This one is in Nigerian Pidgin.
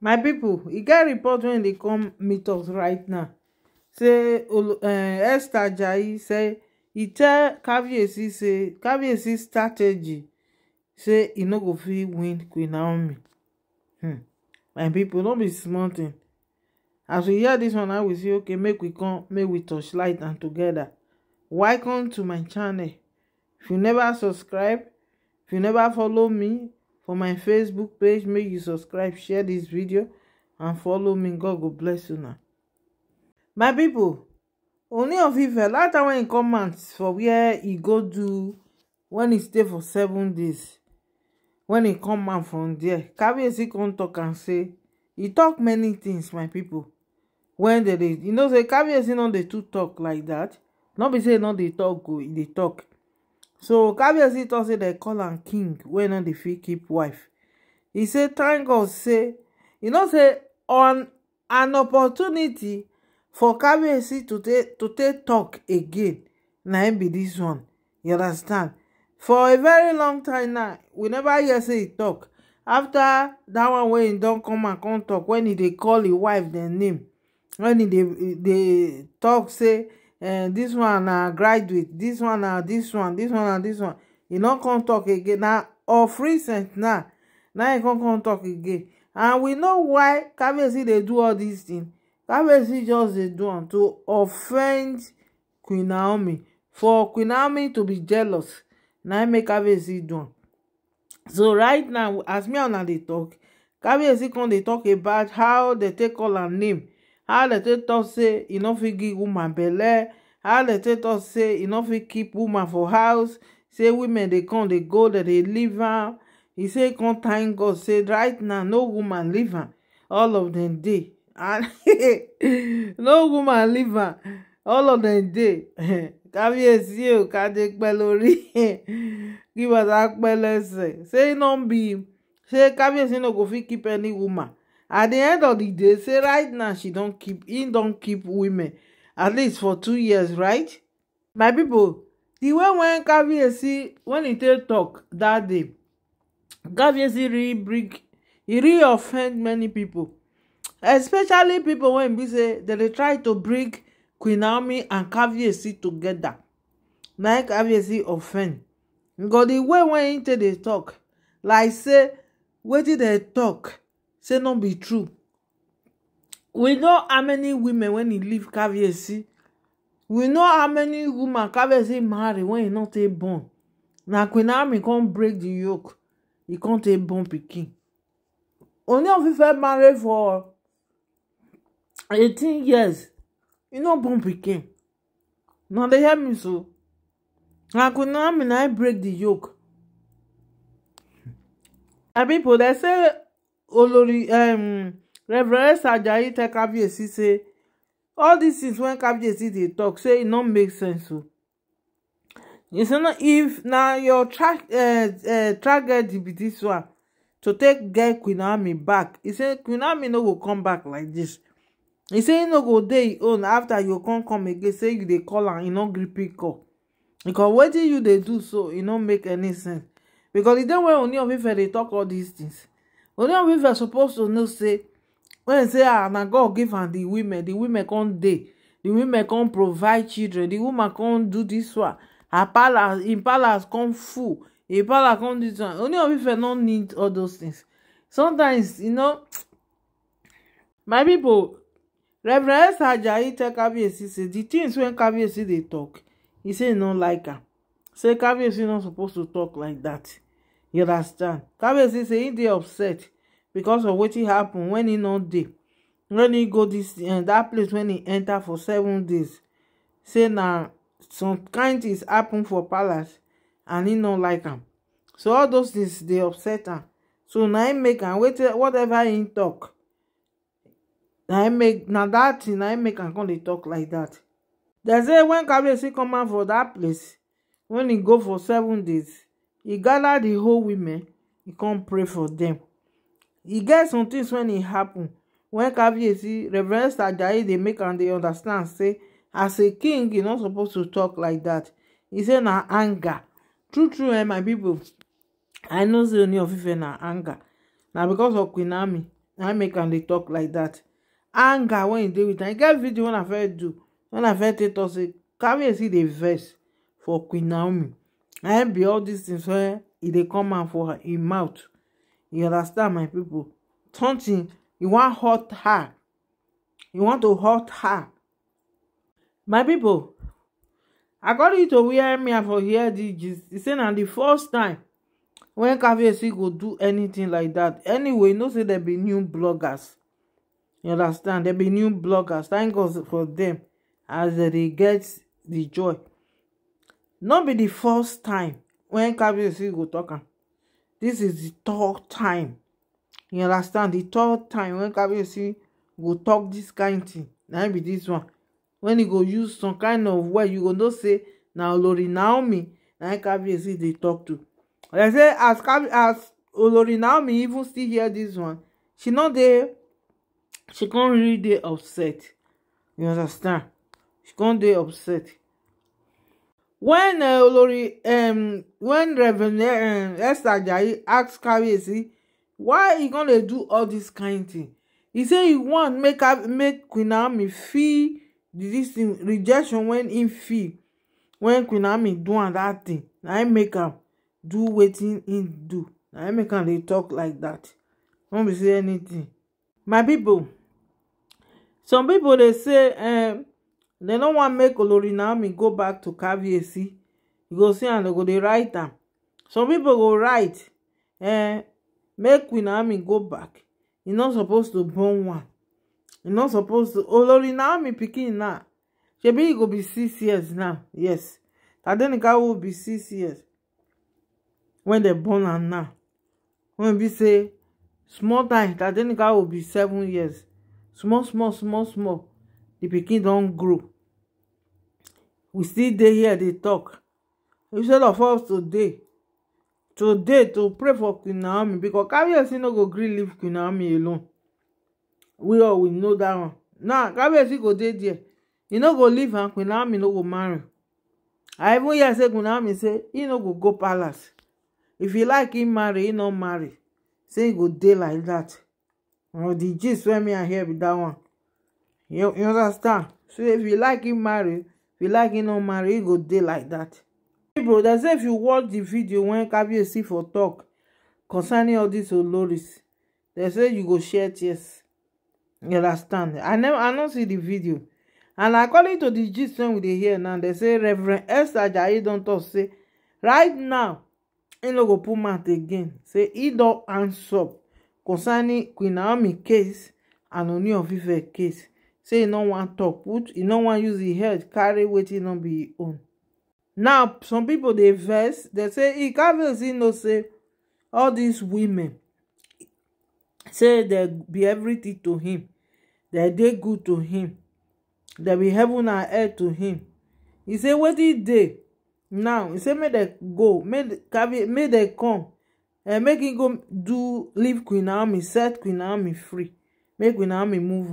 my people, e get report wey dey come meet us right now say uh, esther Jai say e tell caviarcy say caviarcy strategy say e no go fit win queen naomi hmm my people, no be small tin as we hear this one now we say okay make we come make we touch light and togeda welcome to my channel if you never subscribe if you never follow me for my facebook page make you subscribe share this video and follow me god will bless you now, my people. only of ife later wen in comments for where he go do when he stay for seven days when he come out from dia kabiyesi can talk and say he talk many things, my pipo wen dey you know say kabiyesi not they too talk like that. Not be say e no dey go they talk so kabiyesi tok say dem call him king When no the fit keep wife he say thank god say you know say on an opportunity for kabiyesi to take to take talk again na be this one you understand for a very long time now we never hear say he talk. After that one when he don't come and come talk, when he they call his wife their name when he they they talk say And eh, this one na graduate This one na this one This one na this one e no come talk again Now of recent now now e come come tok again and we know why kabezi they do all these things kabezi just they do am to offend queen naomi for queen naomi to be jealous Now im e make kabezi do am so right now as me and they talk. tok kabezi come dey tok about how they take all am name how dem take talk say e no fit woman belle how dem take talk say e no keep woman for house say women dey come dey go dem dey leave am e say come thank god say right now no woman leave am all of dem dey no woman leave am all of dem dey kábíyèsí o kádé pẹ́ lórí kí bàtà pẹ́ lẹ́sẹ̀ ṣé e no be ṣé kábíyèsí no go fit keep any woman at the end of the day say right now she don keep he don keep women at least for two years right my people, the way when caviarcy when he take talk that day caviarcy really bring he really offend many people, especially people wey be say they dey try to bring queen naomi and caviarcy together, na caviarcy offend because the way when he take dey talk, like say wetin dem talk? say no be true we know how many women when he leave caviarcy we know how many women caviarcy marry when he not take born na queen army can't break the yoke He can't take born pikin Ooni of Ife married for eighteen years e no born picking. Now they hear me so na queen army na break the yoke my people they say olórí um, reverend ajayi tell kábíyèsí say all these things wey kábíyèsí dey talk say e no make sense o you say no if na your tra uh, uh, tragedy be this one to take get queen naomi back He say queen naomi no go come back like this He say e no go dey e own after you come come again say you dey call am he no gree pick up because wetin you dey do so e no make any sense because the day wey Ooni of Ife talk all these things We are supposed to know say when say ah na god give am di women the women come day, the women come provide children the woman come do this one her palace im palace come full im palace come do dis one olorife not need all those things sometimes you know my people, reverend esther ajayi tell kabiyesi say di tins wey kabiyesi they talk." He say e no like her. say kabiyesi not supposed to talk like that you understand Kabezi say he dey upset because of what he happen when he no dey when he go this uh, eh, dat place when he enter for seven days say now some kind things happen for palace and he no like him. so all those things they upset him. so now he make am wait whatever he talk Now he make now that thing na im make am come dey talk like that. They say when Kabezi come out for that place when he go for seven days He gather the whole women He come pray for them. He get some tins wen e happen wen caviarcy reverend ajayi dey make am dey understand say as a king e no suppose to talk like that. He say na anger true true eh my people. i know say oni of ife na anger na because of queen ami na im make am dey talk like that. anger when e dey with am e get video wey i first do wen i first take tok say caviarcy dey vex for queen naomi na be all these things wey e dey come out for him e mouth you understand my people. something you wan hurt her you want to hurt her my pipo according to wia me for hear dis gist e say na di first time when caviarcy go do anything like that. anyway you know say there be new bloggers you understand There be new bloggers thank god for them, as they dey get the joy no be the first time wen kabiyesi go talk. am dis is the third time you understand the third time wen kabiyesi go talk this kind thing. na be this one when he go use some kind of word you go know say na olori naomi na kabiyesi dey talk to like say as Kabi as olori naomi even still hear this one she no dey she con really dey upset you understand she con dey upset when uh, olori um, when reverend um, esther ajayi ask kabiyesi why he gonna dey do all this kind thing he say he want make make queen naomi feel this thing rejection when he feel when queen naomi do am that thing na im make am do wetin he do na im make am dey talk like that no be say anything my people some people dey say um, They no want make olori naomi go back to caviarcy you go see and dem go They write them. some people go write eh make queen naomi go back e no supposed to born one e no supposed to olori naomi picking now. shebi e go be six years now yes tadenika will be six years When they born am now when we say small time tadenika will be seven years small small small small di pikin don grow we still dey here dey tok instead of us to dey to dey to pray for queen naomi becos kabiyesi no go gree leave queen naomi alone we all we know dat one now kabiyesi go dey there e no go leave and queen naomi no go marry i even hear say queen naomi say e no go go palace if he like him marry e no marry say e go dey like dat or di gist wey me i hear be dat one you you understand so if you like him marry if you like him no marry e go dey like that people dem say if you watch the video when wey see for talk concerning all this oloris they say you go share tears you understand i never i no see the video and according to the gist wey we dey hear now They say reverend esther Jai don't talk say right now im no go put mouth again say he don't answer concerning queen naomi case and oni of ife case say e no wan talk, put e no wan use e head carry wetin e no be e own now some people dey vex dey say e carry know say all these women say dem be everything to him dem dey good to him dem be heaven and earth to him He say wetin dey now he say make dem go make dem come and eh, make him go do leave queen naomi set queen naomi free make queen naomi move on